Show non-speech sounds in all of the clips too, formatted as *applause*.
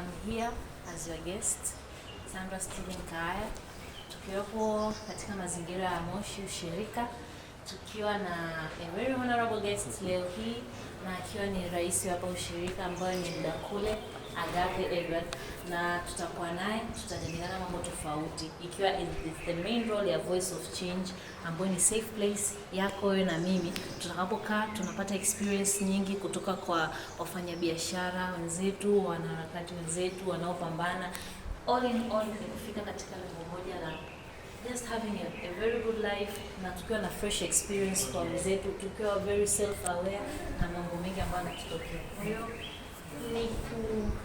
I'm here as your guest Sandra Steven kaya tukiwepo katika mazingira ya Moshi Ushirika, tukiwa na a very honorable guest leo hii na akiwa ni rais wa hapa ushirika ambayo ni Mdakule Agape Edward na tutakuwa naye, tutajadiliana mambo tofauti, ikiwa the main role ya Voice of Change ambayo ni safe place yako wewe na mimi. Tutakapokaa tunapata experience nyingi kutoka kwa wafanyabiashara wenzetu, wanaharakati wenzetu wanaopambana all in all kufika katika lengo moja la just having a, a very good life na tukiwa na fresh experience kwa wenzetu, tukiwa very self aware na mambo mengi ambayo yanatutokea, kwa hiyo ni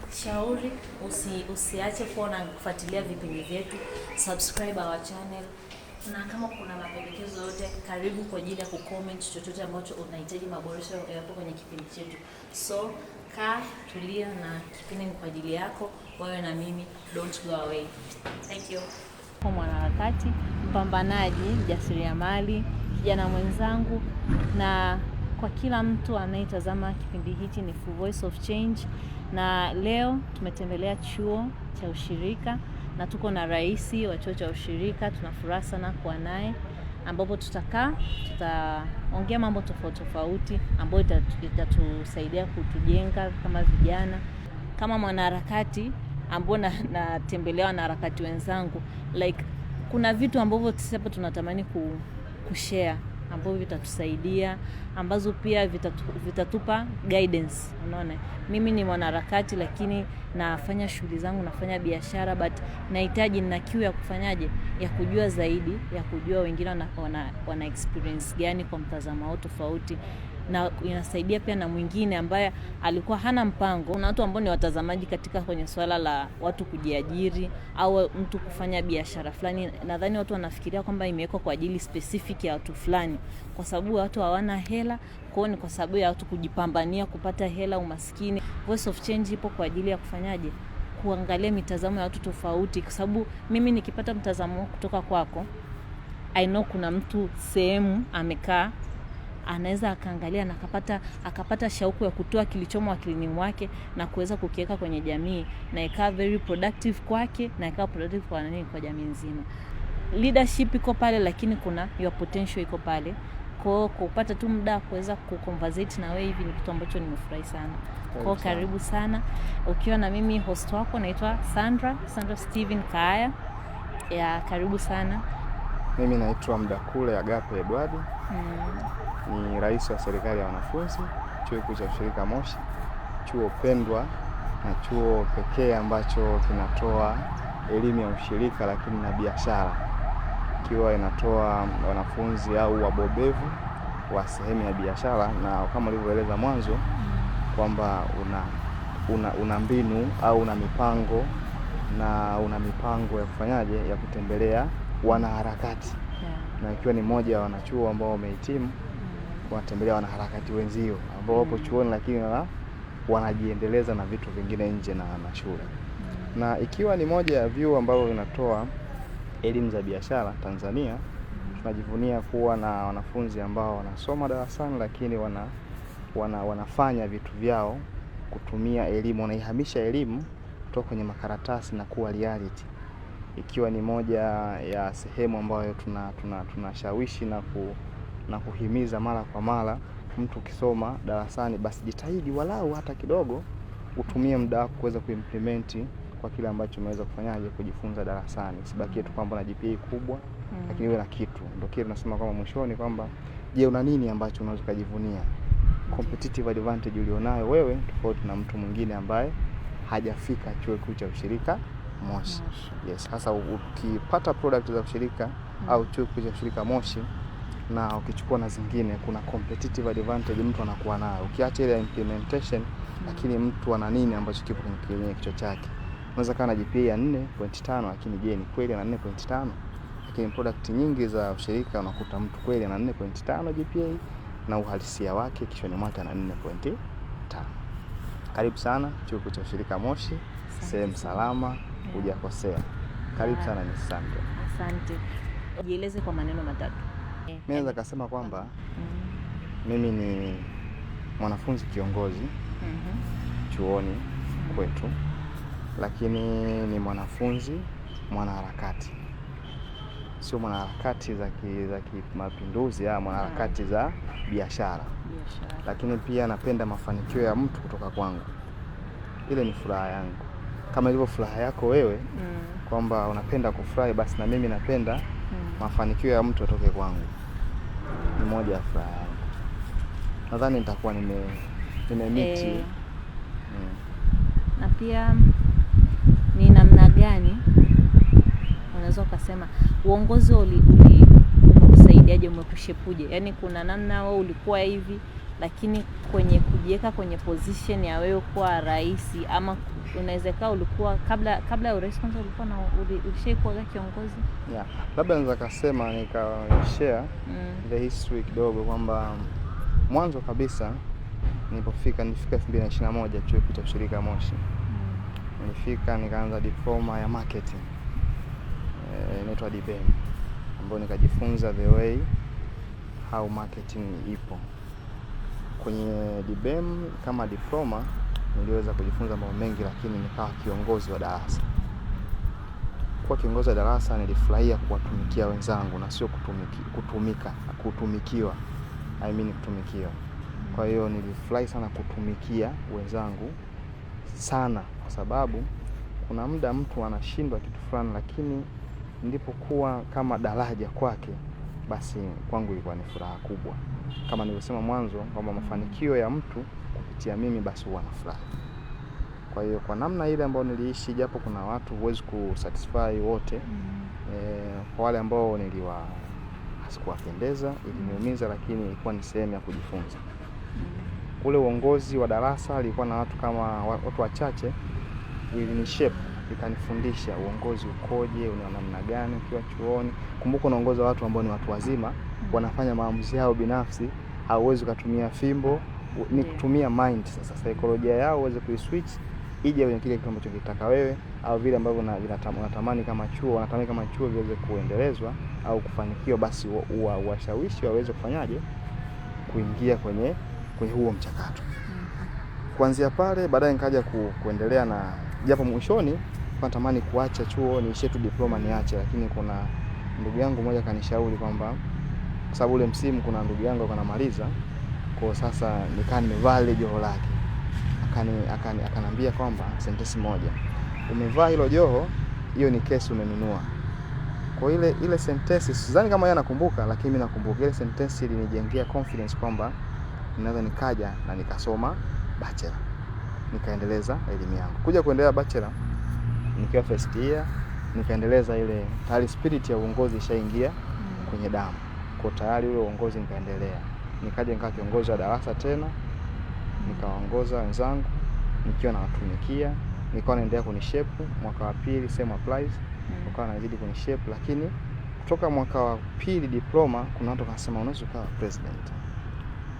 kushauri usi, usiache na kufuatilia vipindi vyetu, subscribe our channel, na kama kuna mapendekezo yote karibu kwa ajili ya kucomment chochote ambacho unahitaji maboresho yapo kwenye kipindi chetu. So kaa tulia, na kipindi ni kwa ajili yako wewe na mimi, don't go away. Thank you. Mwanaharakati, mpambanaji, mjasiriamali, kijana mwenzangu na kwa kila mtu anayetazama kipindi hichi ni Voice of Change, na leo tumetembelea chuo cha ushirika na tuko na rais wa chuo cha ushirika. Tunafuraha sana kuwa naye, ambapo tutakaa tutaongea mambo tofauti tofauti ambayo itatusaidia kutujenga kama vijana, kama mwanaharakati ambao natembelewa na harakati wenzangu, like kuna vitu ambavyo sisi hapa tunatamani ku, kushare ambavyo vitatusaidia ambazo pia vitatupa guidance. Unaona, mimi ni mwanaharakati lakini nafanya shughuli zangu, nafanya biashara but nahitaji na kiu ya kufanyaje, ya kujua zaidi, ya kujua wengine wana, wana, wana experience gani kwa mtazamo wao tofauti na inasaidia pia na mwingine ambaye alikuwa hana mpango. Kuna watu ambao ni watazamaji katika kwenye swala la watu kujiajiri au mtu kufanya biashara fulani. Nadhani watu wanafikiria kwamba imewekwa kwa ajili specific ya watu fulani, kwa sababu watu hawana hela kwao, ni kwa sababu ya watu kujipambania kupata hela, umaskini. Voice of Change ipo kwa ajili ya kufanyaje kuangalia mitazamo ya watu tofauti, kwa sababu mimi nikipata mtazamo kutoka kwako, I know kuna mtu sehemu amekaa anaweza akaangalia na akapata, akapata shauku ya kutoa kilichomo akilini mwake na kuweza kukiweka kwenye jamii na ikawa very productive kwake na ikawa productive kwa nani, kwa jamii nzima. Leadership iko pale, lakini kuna your potential iko pale. Kwa kupata tu muda wa kuweza kuconversate na wewe hivi ni kitu ambacho nimefurahi sana. Kwa karibu sana ukiwa na mimi host wako naitwa Sandra, Sandra Steven Kaya Ya, karibu sana. Mimi naitwa Mdakule Agape Edward. Mm ni rais wa serikali ya wanafunzi chuo kikuu cha ushirika Moshi, chuo pendwa na chuo pekee ambacho kinatoa elimu ya ushirika lakini na biashara, ikiwa inatoa wanafunzi au wabobevu wa sehemu ya biashara, na kama ulivyoeleza mwanzo kwamba una, una, una mbinu au una mipango na una mipango ya kufanyaje ya kutembelea wanaharakati yeah. Na ikiwa ni moja wa wanachuo ambao wamehitimu kuwatembelea wanaharakati wenzio ambao wapo mm. chuoni, lakini na wanajiendeleza na vitu vingine nje na, na shule, mm. na ikiwa ni moja ya vyuo ambavyo vinatoa elimu za biashara Tanzania, mm. tunajivunia kuwa na wanafunzi ambao wanasoma darasani, lakini wana, wana, wanafanya vitu vyao kutumia elimu, wanaihamisha elimu kutoka kwenye makaratasi na kuwa reality ikiwa ni moja ya sehemu ambayo tunashawishi tuna, tuna na ku na kuhimiza mara kwa mara mtu ukisoma darasani, basi jitahidi walau hata kidogo utumie muda wako kuweza kuimplement kwa kile ambacho umeweza kufanyaje kujifunza darasani. Sibakie tu kwamba na GPA kubwa mm. lakini iwe na kitu, ndio kile tunasema kwamba mwishoni kwamba je, una nini ambacho unaweza kujivunia, competitive advantage ulionayo wewe tofauti na mtu mwingine ambaye hajafika chuo kikuu cha ushirika Moshi. Yes, hasa ukipata product za ushirika mm. au chuo kikuu cha ushirika Moshi na ukichukua na zingine, kuna competitive advantage mtu anakuwa nayo, ukiacha ile implementation, mm. lakini mtu ana nini ambacho kipo kwenye kichwa chake. Unaweza kuwa na GPA ya 4.5 lakini je, ni kweli ana 4.5? Lakini product nyingi za ushirika unakuta mtu kweli ana 4.5 GPA na uhalisia wake kichwani mwake ana 4.5. Karibu sana Chuo Kikuu cha Ushirika Moshi, sehemu salama, hujakosea. Karibu sana, ni asante. Asante. Jieleze kwa maneno matatu. Eh, mimi eh. naweza kusema kwamba mm-hmm. mimi ni mwanafunzi kiongozi mm -hmm. chuoni kwetu, lakini ni mwanafunzi mwanaharakati, sio mwanaharakati za kimapinduzi au ah, mwanaharakati mm. za biashara, lakini pia napenda mafanikio ya mtu kutoka kwangu. Ile ni furaha yangu, kama ilivyo furaha yako wewe mm. kwamba unapenda kufurahi, basi na mimi napenda mafanikio ya mtu atoke kwangu ni moja ya furaha yangu. Nadhani nitakuwa nime nimemiti e. mm. na pia ni namna gani unaweza ukasema uongozi umekusaidiaje, umekushepuje? Yaani kuna namna wewe ulikuwa hivi, lakini kwenye kujiweka kwenye position ya wewe kuwa rais ama kaa ulikuwa kabla kabla ya urais kwanza ulikuwa na ulishaikuwaga kiongozi yeah. Labda naweza kasema share mm. the history kidogo kwamba mwanzo kabisa nilipofika nilifika 2021 chuo cha ushirika Moshi mm. nilifika nikaanza diploma ya marketing eh, inaitwa DBM ambayo nikajifunza the way how marketing ipo kwenye DBM kama diploma niliweza kujifunza mambo mengi, lakini nikawa kiongozi wa darasa. Kwa kiongozi wa darasa, nilifurahia kuwatumikia wenzangu na sio kutumiki, kutumika, kutumikiwa I mean kutumikiwa. Kwa hiyo nilifurahi sana kutumikia wenzangu sana, kwa sababu kuna muda mtu anashindwa kitu fulani, lakini ndipo kuwa kama daraja kwake, basi kwangu ilikuwa ni furaha kubwa, kama nilivyosema mwanzo kwamba mafanikio ya mtu kupitia mimi, basi huwa na furaha. Kwa hiyo kwa namna ile ambayo niliishi, japo kuna watu huwezi kusatisfy wote mm. E, kwa wale ambao niliwa sikuwapendeza iliniumiza, lakini ilikuwa ni sehemu ya kujifunza. Mm-hmm. Ule uongozi wa darasa ilikuwa na watu kama watu wachache, ilinishape ikanifundisha uongozi ukoje, una namna gani ukiwa chuoni. Kumbuka unaongoza watu ambao ni watu wazima, mm-hmm. wanafanya maamuzi yao binafsi, hauwezi ukatumia fimbo ni kutumia mind sasa, saikolojia yao uweze kuiswitch ije kwenye kile kitu ambacho kitaka wewe, au vile ambavyo unatamani kama chuo wanatamani kama chuo viweze kuendelezwa au kufanikiwa, basi washawishi waweze kufanyaje kuingia kwenye kwenye huo mchakato. Mm-hmm. Kuanzia pale baadaye nikaja ku, kuendelea na japo mwishoni natamani kuacha chuo niishie tu diploma niache, lakini kuna ndugu yangu mmoja kanishauri kwamba kwa sababu ule msimu kuna ndugu yangu akanamaliza kwa sasa nikaa nimevaa ile joho lake, akaniambia kwamba sentensi moja, umevaa hilo joho, hiyo ni kesi umenunua. Kwa ile ile sentensi sidhani kama yeye anakumbuka, lakini mimi nakumbuka ile sentensi ilinijengea confidence kwamba ninaweza nikaja na nikasoma bachelor nikaendeleza elimu yangu. Kuja kuendelea bachelor nikiwa first year nikaendeleza ile tayari spirit ya uongozi ishaingia mm. kwenye damu. Kwa tayari ule uongozi nikaendelea nikaja nikawa kiongozi wa darasa tena, nikawaongoza wenzangu nikiwa nawatumikia, nikawa naendelea kunishepu. Mwaka wa pili same applies, ukawa mm. nazidi kunishepu, lakini kutoka mwaka wa pili diploma, kuna watu wanasema unaweza ukawa president,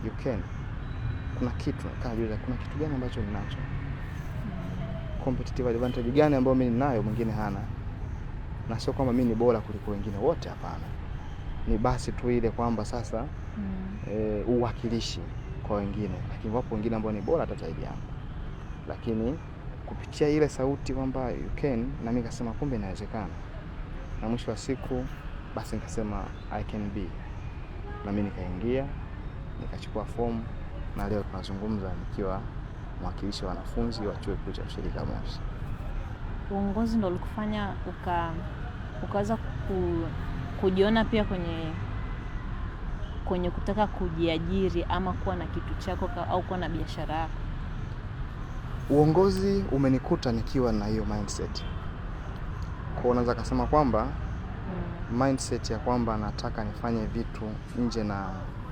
you can. Kuna kitu kajiuliza, kuna kitu gani ambacho ninacho, competitive advantage gani ambayo mimi ninayo mwingine hana, na sio kwamba mimi ni bora kuliko wengine wote, hapana. Ni basi tu ile kwamba sasa e, uwakilishi kwa wengine, lakini wapo wengine ambao ni bora hata zaidi yangu, lakini kupitia ile sauti kwamba you can, na mimi kasema kumbe inawezekana, na mwisho wa siku basi nikasema I can be, na mimi nikaingia nikachukua fomu na leo tunazungumza nikiwa mwakilishi wa wanafunzi wa chuo kikuu cha ushirika Moshi. Uongozi ndo ulikufanya uka ukaweza ku, kujiona pia kwenye kwenye kutaka kujiajiri ama kuwa na kitu chako au kuwa na biashara yako? Uongozi umenikuta nikiwa na hiyo mindset, kwa unaweza kusema kwamba mm. mindset ya kwamba nataka nifanye vitu nje na,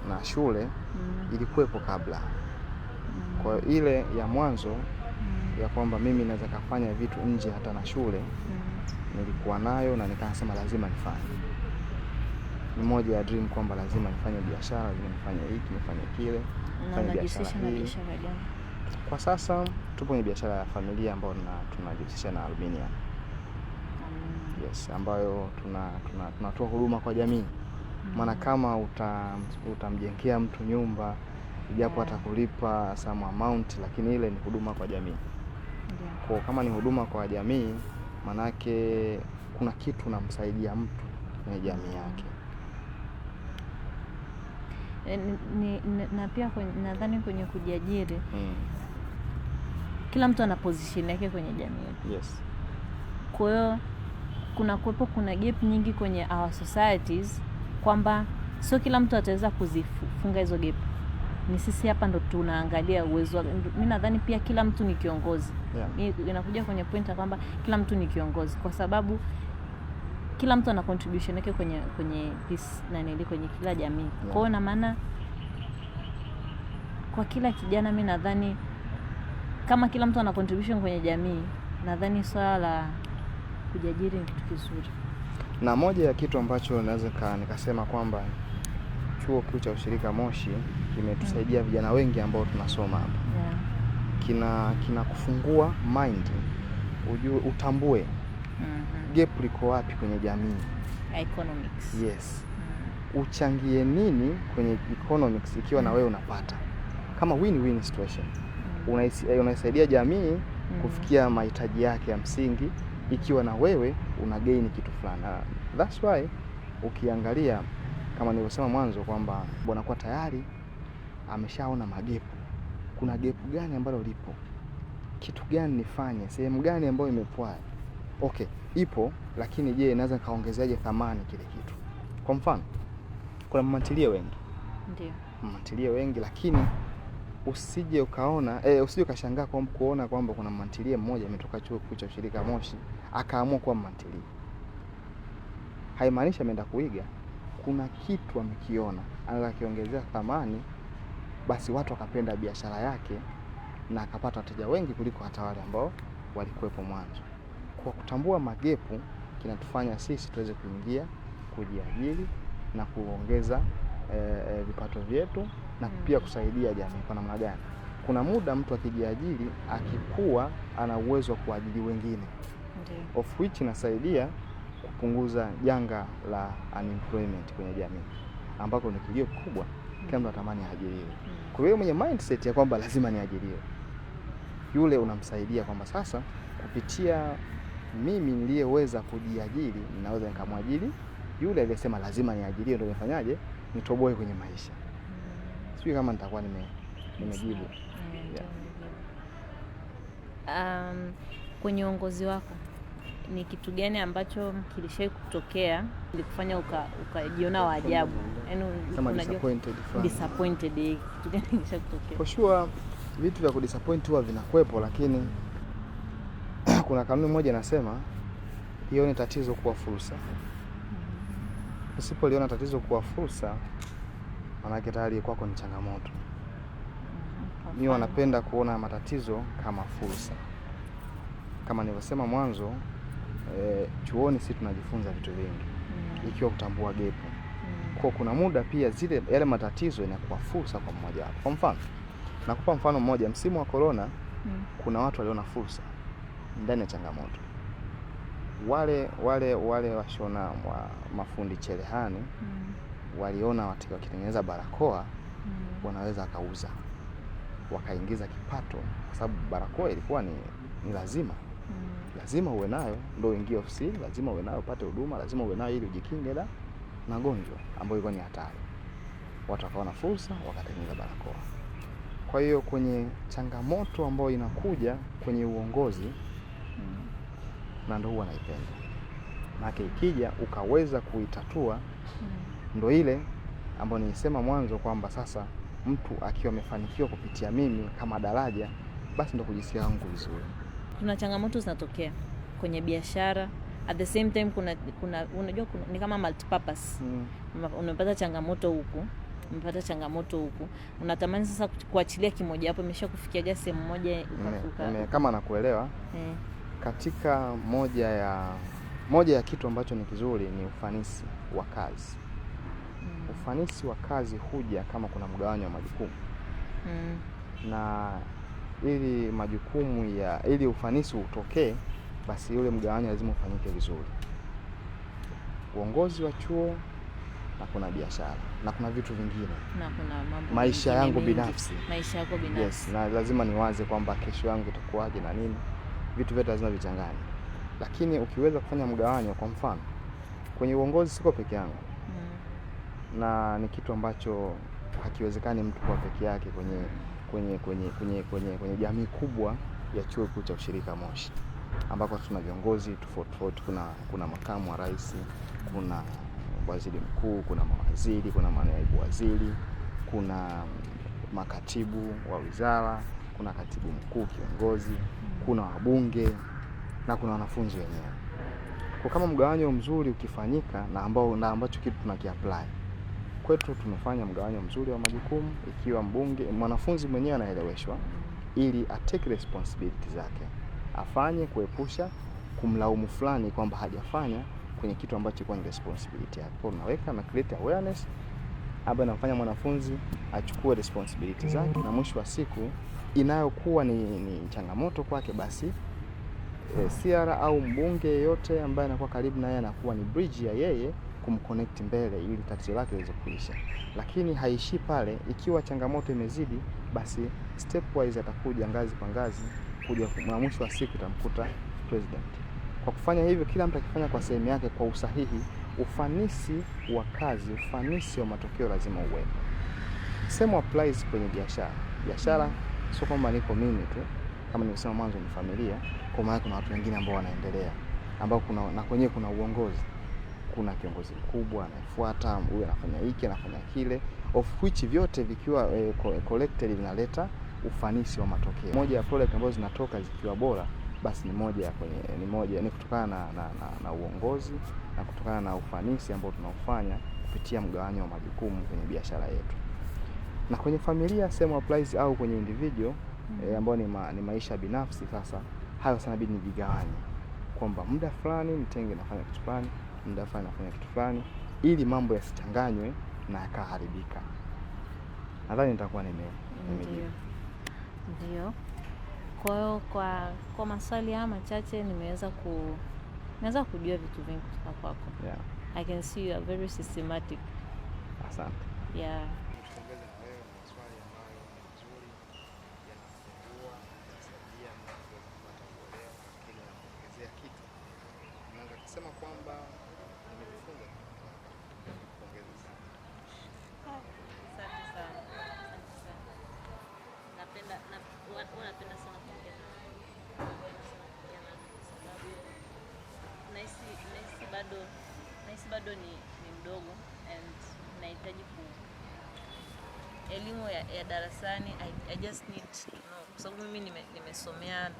na shule mm. ilikuwepo kabla mm. kwa ile ya mwanzo mm. ya kwamba mimi naweza kufanya vitu nje hata na shule mm. nilikuwa nayo na nikasema lazima nifanye ni moja ya dream kwamba lazima nifanye biashara, lazima nifanye hiki, nifanye kile, nifanye biashara hii. Kwa sasa tupo kwenye biashara ya familia ambayo tunajihusisha na Albania. Mm. yes, ambayo tunatoa tuna, tuna huduma kwa jamii mm. maana kama utamjengea uta mtu nyumba ijapo yeah, atakulipa some amount lakini ile ni huduma kwa jamii yeah. Kwa kama ni huduma kwa jamii, manake kuna kitu namsaidia mtu kwenye jamii yake. Eh, na pia nadhani kwenye kujiajiri mm. Kila mtu ana position yake kwenye jamii yes. Kwa hiyo kuna kuwepo kuna gap nyingi kwenye our societies kwamba sio kila mtu ataweza kuzifunga hizo gap. Ni sisi hapa ndo tunaangalia uwezo. Mimi nadhani pia kila mtu ni kiongozi yeah. Inakuja kwenye pointa kwamba kila mtu ni kiongozi kwa sababu kila mtu ana contribution yake kwenye kwenye this nani kwenye kila jamii. Kwa hiyo na maana kwa kila kijana, mi nadhani kama kila mtu ana contribution kwenye jamii, nadhani swala la kujiajiri ni kitu kizuri. Na moja ya kitu ambacho naweza nikasema kwamba chuo kikuu cha ushirika Moshi kimetusaidia mm. vijana wengi ambao tunasoma hapa yeah. kina kinakufungua mind, ujue utambue -hmm. Gap liko wapi kwenye jamii? Ah, economics. Yes. Mm. Uchangie nini kwenye economics ikiwa mm. na wewe unapata kama win-win situation mm. unaisaidia jamii mm. kufikia mahitaji yake ya msingi ikiwa na wewe una gain kitu fulani. Ah, that's why ukiangalia kama nilivyosema mwanzo kwamba kwa tayari ameshaona magepu. Kuna gepu gani ambalo lipo? Kitu gani nifanye? Sehemu gani ambayo imepwaa okay, ipo lakini je, inaweza nikaongezeaje thamani kile kitu? Kwa mfano kuna mmantilie wengi, ndio mmantilie wengi, lakini usije ukaona eh, usije ukashangaa kwa kuona kwamba kuna mmantilie mmoja ametoka chuo kikuu cha ushirika Moshi akaamua kuwa mmantilie. Haimaanishi ameenda kuiga, kuna kitu amekiona anaweza akiongezea thamani, basi watu wakapenda biashara yake na akapata wateja wengi kuliko hata wale ambao walikuwepo mwanzo kwa kutambua magepu kinatufanya sisi tuweze kuingia kujiajiri na kuongeza e, vipato vyetu na hmm. pia kusaidia jamii. Kwa namna gani? Kuna muda mtu akijiajiri akikuwa ana uwezo wa kuajiri wengine, of which inasaidia kupunguza janga la unemployment kwenye jamii ambako ni kilio kubwa, hmm. kila mtu anatamani aajiriwe. Hmm. Kwa hiyo mwenye mindset ya kwamba lazima niajiriwe, yule unamsaidia kwamba sasa kupitia mimi niliyeweza kujiajiri ninaweza nikamwajiri yule aliyesema lazima niajirie ndio nifanyaje, nitoboe kwenye maisha. Sijui kama nitakuwa nime nimejibu. Yeah. Um, kwenye uongozi wako ni kitu gani ambacho kilishai kutokea ilikufanya ukajiona uka wa ajabu, yaani, disappointed, disappointed? Eh, kitu gani *laughs* kilishakutokea? For sure vitu vya kudisappoint huwa vinakwepo lakini kuna kanuni moja inasema ione tatizo kuwa fursa. Usipoliona tatizo kuwa fursa, manake tayari kwako ni changamoto. Mm-hmm. Mimi wanapenda kuona matatizo kama fursa. Kama nilivyosema mwanzo, e, chuoni si tunajifunza vitu vingi mm-hmm. ikiwa kutambua gepu. Mm-hmm. Kwa kuna muda pia zile yale matatizo inakuwa fursa kwa mmoja wapo. Kwa mfano, nakupa mfano mmoja, msimu wa korona, kuna watu waliona fursa ndani ya changamoto wale wale wale washona wa mafundi cherehani mm. waliona wateja wakitengeneza barakoa mm. wanaweza wakauza wakaingiza kipato, kwa sababu barakoa ilikuwa ni, ni lazima mm. lazima uwe nayo ndio uingie ofisini, lazima uwe nayo upate huduma, lazima uwe nayo ili ujikinge na magonjwa ambayo ilikuwa ni hatari. Watu wakaona fursa, wakatengeneza barakoa. Kwa hiyo kwenye changamoto ambayo inakuja kwenye uongozi Mm. na ndo huwa naipenda, maana ikija ukaweza kuitatua mm. ndo ile ambayo nilisema mwanzo kwamba sasa mtu akiwa amefanikiwa kupitia mimi kama daraja, basi ndo kujisikia wangu vizuri. Kuna changamoto zinatokea kwenye biashara at the same time kuna, kuna unajua kuna, ni kama multipurpose mm. Umepata changamoto huku, umepata changamoto huku, unatamani sasa kuachilia kimoja hapo, imesha kufikiaje sehemu moja kama nakuelewa mm. Katika moja ya moja ya kitu ambacho ni kizuri ni ufanisi wa kazi. Mm. Ufanisi wa kazi huja kama kuna mgawanyo wa majukumu. Mm. Na ili majukumu ya ili ufanisi utokee, basi yule mgawanyo lazima ufanyike vizuri. Uongozi wa chuo na kuna biashara na kuna vitu vingine na kuna mambo maisha yangu binafsi, maisha yako binafsi. Yes, na lazima niwaze kwamba kesho yangu itakuwaje na nini vitu vyote lazima vichanganye, lakini ukiweza kufanya mgawanyo, kwa mfano kwenye uongozi siko peke yangu mm. na ni kitu ambacho hakiwezekani mtu kwa peke yake kwenye kwenye kwenye kwenye kwenye kwenye jamii kubwa ya chuo kikuu cha ushirika Moshi ambako tuna viongozi tofauti tofauti. Kuna kuna makamu wa rais, kuna waziri mkuu, kuna mawaziri, kuna manaibu waziri, kuna makatibu wa wizara, kuna katibu mkuu kiongozi kuna wabunge na kuna wanafunzi wenyewe. Kwa kama mgawanyo mzuri ukifanyika na ambao na ambacho kitu tunakiapply kwetu, tumefanya mgawanyo mzuri wa majukumu, ikiwa mbunge mwanafunzi mwenyewe anaeleweshwa ili take responsibility zake, afanye kuepusha kumlaumu fulani kwamba hajafanya kwenye kitu ambacho kwa ni responsibility yake. Kwa unaweka na create awareness ambayo inamfanya mwanafunzi achukue responsibility zake mm. na mwisho wa siku inayokuwa ni, ni changamoto kwake, basi eh, CR au mbunge yeyote ambaye anakuwa karibu naye anakuwa ni bridge ya yeye kumconnect mbele ili tatizo lake liweze kuisha. Lakini haishi pale. Ikiwa changamoto imezidi, basi stepwise atakuja ngazi kwa ngazi kuja, na mwisho wa siku tamkuta president. Kwa kufanya hivyo, kila mtu akifanya kwa sehemu yake kwa usahihi ufanisi wa kazi, ufanisi wa matokeo lazima uwepo. Same applies kwenye biashara. Biashara sio kwamba niko mimi tu, kama nilivyosema mwanzo, ni familia. Kwa maana kuna watu wengine ambao wanaendelea, ambao kuna na kwenyewe kuna uongozi, kuna kiongozi mkubwa anayefuata, huyu anafanya hiki, anafanya kile, of which vyote vikiwa eh, collected vinaleta ufanisi wa matokeo. Moja ya product ambazo zinatoka zikiwa bora, basi ni moja kwenye ni moja ni kutokana na, na, na, na uongozi na kutokana na ufanisi ambao tunaofanya kupitia mgawanyo wa majukumu kwenye biashara yetu. Na kwenye familia same applies au kwenye individual mm. -hmm. E, ambao ni, ma, ni maisha binafsi. Sasa hayo sana bidi nijigawanye kwamba muda fulani nitenge nafanya kitu fulani, muda fulani nafanya kitu fulani, ili mambo yasichanganywe na yakaharibika. Nadhani nitakuwa nime nimejibu. Ndio. Kwa hiyo kwa kwa maswali haya machache nimeweza ku naweza kujua vitu vingi kutoka kwako. Yeah. I can see you are very systematic. Asante. Yeah. bado nahisi bado ni, ni mdogo and nahitaji ku elimu ya, ya darasani I, I just need to know kwa sababu mimi nime, nimesomea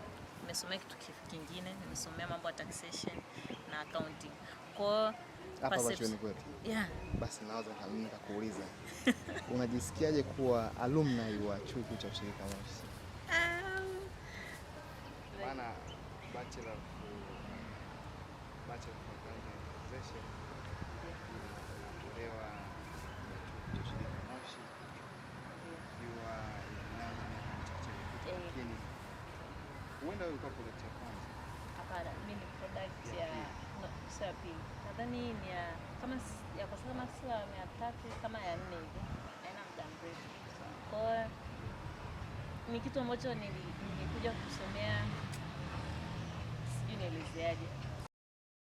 nimesomea kitu kingine, nimesomea mambo ya taxation na accounting. Kwa hapa bachoni kwetu. Yeah. Basi naweza kama kuuliza. *laughs* Unajisikiaje kuwa alumni wa Chuo Kikuu cha Ushirika Moshi? Um, maana bachelor ambacho organization inatolewa shirika Moshi ikiwa inanana miaka michache iliyopita, eh. lakini huenda ulikuwa product ya kwanza. Hapana, mimi ni product ya no, sio ya pili, nadhani ni ya kama ya kwa sasa sio ya mia tatu kama ya nne hivi, haina muda mrefu. Kwa hiyo ni kitu ambacho nilikuja kusomea, sijui nielezeaje